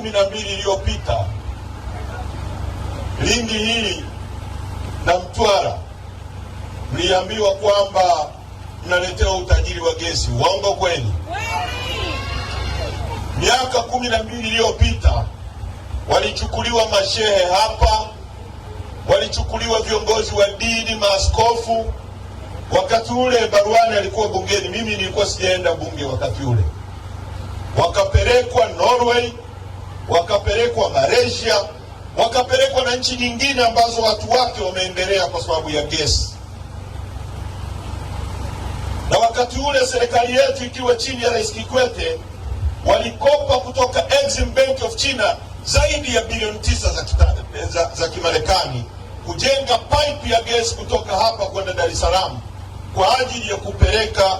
kumi na mbili iliyopita Lindi hili na Mtwara mliambiwa kwamba mnaletewa utajiri wa gesi. Uongo kweli? Miaka kumi na mbili iliyopita walichukuliwa mashehe hapa, walichukuliwa viongozi wa dini, maaskofu. Wakati ule Barwani alikuwa bungeni, mimi nilikuwa sijaenda bunge wakati ule, wakapelekwa Norway wakapelekwa Malaysia, wakapelekwa na nchi nyingine ambazo watu wake wameendelea kwa sababu ya gesi. Na wakati ule serikali yetu ikiwa chini ya Rais Kikwete walikopa kutoka Exim Bank of China zaidi ya bilioni tisa za, za, za Kimarekani kujenga pipe ya gesi kutoka hapa kwenda Dar es Salaam kwa ajili ya kupeleka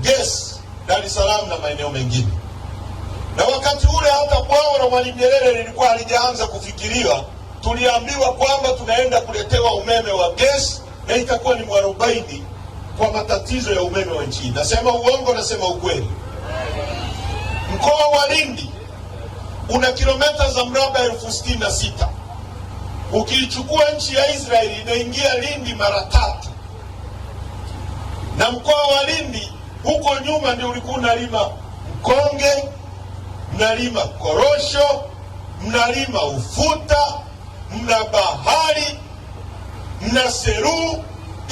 gesi Dar es Salaam na maeneo mengine wakati ule hata bwawa la Mwalimu Nyerere lilikuwa halijaanza kufikiriwa. Tuliambiwa kwamba tunaenda kuletewa umeme wa gesi na itakuwa ni mwarobaini kwa matatizo ya umeme wa nchi. Nasema uongo? Nasema ukweli? Mkoa wa Lindi una kilomita za mraba elfu sitini na sita. Ukiichukua nchi ya Israeli inaingia Lindi mara tatu, na mkoa wa Lindi huko nyuma ndio ulikuwa unalima mkonge mnalima korosho, mnalima ufuta, mna bahari, mna seruu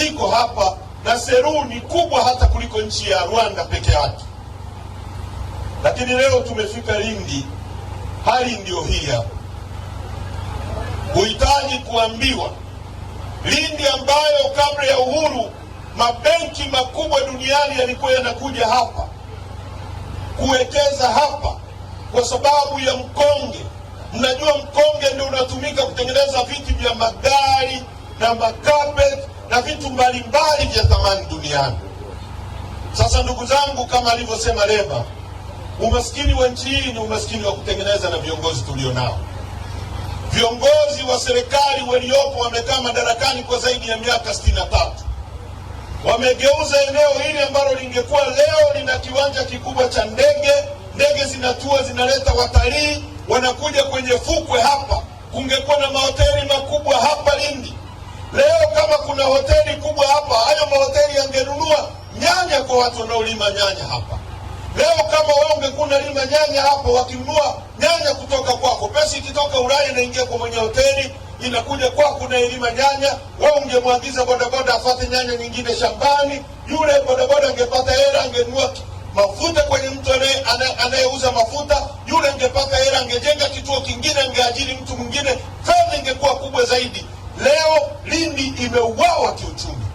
iko hapa, na seruu ni kubwa hata kuliko nchi ya Rwanda peke yake. Lakini leo tumefika Lindi, hali ndiyo hii hapa. Huhitaji kuambiwa Lindi ambayo kabla ya uhuru mabenki makubwa duniani yalikuwa yanakuja hapa kuwekeza hapa kwa sababu ya mkonge. Mnajua mkonge ndio unatumika kutengeneza viti vya magari na makapeti na vitu mbalimbali vya thamani duniani. Sasa ndugu zangu, kama alivyosema Leba, umaskini wa nchi hii ni umaskini wa kutengeneza na viongozi tulionao. Viongozi wa serikali waliopo wamekaa madarakani kwa zaidi ya miaka sitini na tatu. Wamegeuza eneo hili ambalo lingekuwa leo lina kiwanja kikubwa cha ndege zinatua zinaleta watalii wanakuja kwenye fukwe hapa. Kungekuwa na mahoteli makubwa hapa Lindi leo, kama kuna hoteli kubwa hapa, hayo mahoteli yangenunua nyanya kwa watu wanaolima nyanya hapa leo. Kama wewe ungekuwa unalima nyanya hapa, wakinunua nyanya kutoka kwako, pesa ikitoka Ulaya inaingia kwa mwenye hoteli inakuja kwako, unailima nyanya we Ungemwagiza bodaboda afate nyanya nyingine shambani, yule bodaboda angepata hela, angenunua mafuta kwenye za mafuta, yule angepata hela, angejenga kituo kingine, angeajiri mtu mwingine, fedha ingekuwa kubwa zaidi. Leo Lindi imeuawa kiuchumi.